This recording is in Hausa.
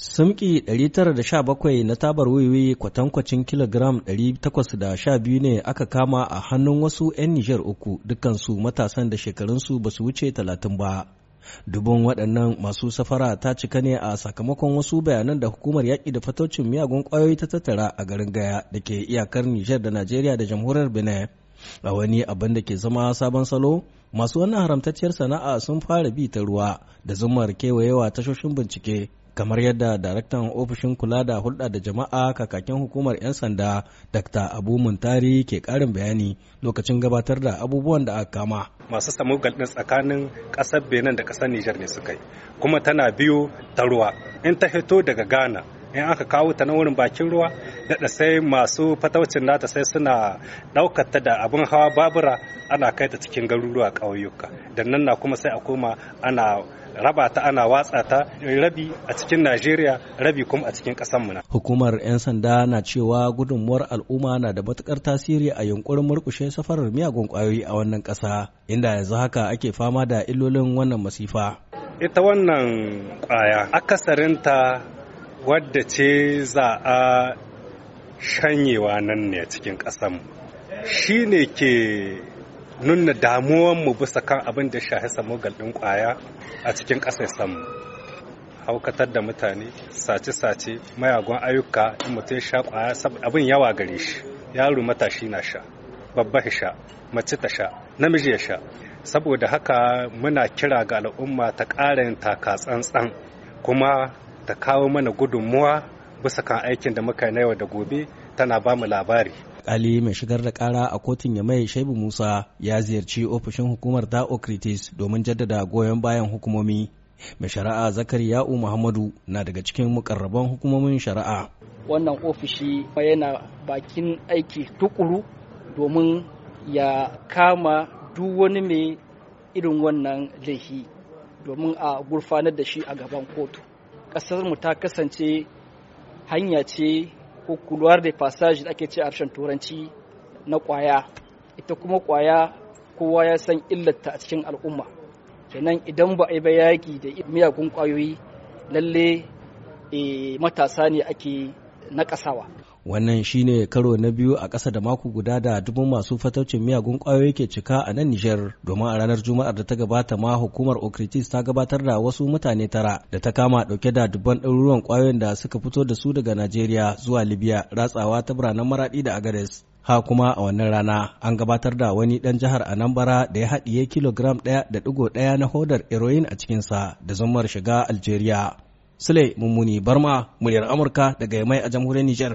Sumki 917 na tabar wiwi kwatankwacin kilogram 812 ne aka kama a hannun wasu 'yan Nijar uku dukansu matasan da shekarunsu ba su wuce 30 ba. dubin waɗannan masu safara ta cika ne a sakamakon wasu bayanan da hukumar yaƙi da fatocin miyagun ƙwayoyi ta tattara a garin Gaya da ke iyakar Nijar da Najeriya da jamhuriyar Benin. a wani abin da ke zama sabon salo masu wannan haramtacciyar sana'a sun fara bi ta ruwa da zumar kewayewa tashoshin bincike kamar yadda daraktan ofishin kula da hulɗa da jama'a kakakin hukumar 'yan sanda dr abu muntari ke ƙarin bayani lokacin gabatar da abubuwan da aka kama masu samugal ɗin tsakanin ƙasar benin da ƙasar nijar ne suka yi kuma tana biyo ta ruwa in ta fito daga ghana in aka kawo ta na wurin bakin ruwa daɗa sai masu fataucin nata sai suna ɗaukar ta da abin hawa babura ana kai ta cikin garuruwa ƙauyuka da nan na kuma sai a koma ana raba ta ana watsa ta rabi a cikin Najeriya rabi kuma a cikin ƙasar mu Hukumar 'yan sanda na cewa gudunmuwar al'umma na da matukar tasiri a yunkurin murkushe safarar miyagun ƙwayoyi a wannan ƙasa inda yanzu haka ake fama da illolin wannan masifa. Ita wannan ƙwaya akasarinta wadda ce za a shanyewa nan ne cikin ƙasanmu shi ne ke nuna damuwanmu bisa kan abin da shahi samu ɗin ƙwaya a cikin ƙasashenmu haukatar da mutane sace-sace mayagun ayyuka in mutum ya sha ƙwaya abin yawa gare shi yaro matashi na sha babba ya sha mace ta sha namiji ya sha saboda haka muna kira ga al'umma ta ƙara yin taka tsantsan kuma ta kawo mana gudunmuwa bisa kan aikin da muka na yau da gobe tana ba mu labari. Ali mai shigar da kara a kotun ya mai Shaibu Musa ya ziyarci ofishin hukumar Daokritis domin jaddada goyon bayan hukumomi. Mai shari'a Zakari Ya'u Muhammadu na daga cikin mukarraban hukumomin shari'a. Wannan ofishi yana bakin aiki tukuru domin ya kama duk wani mai irin wannan laifi domin a gurfanar da shi a gaban kotu. ƙasarmu ta kasance hanya ce ko couloir de passage da ake ce a harshen turanci na kwaya ita kuma kwaya kowa ya san illata a cikin al'umma kenan idan ba a yi bayaki da miyagun kwayoyi lalle eh, matasa ne ake nakasawa wannan shine karo na biyu a ƙasa da mako guda da dubun masu fataucin miyagun ƙwayoyi ke cika a nan Nijar domin a ranar Juma'ar da ta gabata ma hukumar Okritis ta gabatar da wasu mutane tara da ta kama ɗauke da dubban ɗaruruwan ƙwayoyin da suka fito da su daga Najeriya zuwa Libya ratsawa ta biranen Maraɗi da Agades. ha kuma a wannan rana an gabatar da wani ɗan jihar a anambra da ya haɗiye kilogram ɗaya da ɗigo ɗaya na hodar heroin a cikinsa da zummar shiga algeria sule mummuni barma muryar amurka daga yamai a jamhuriyar Nijar.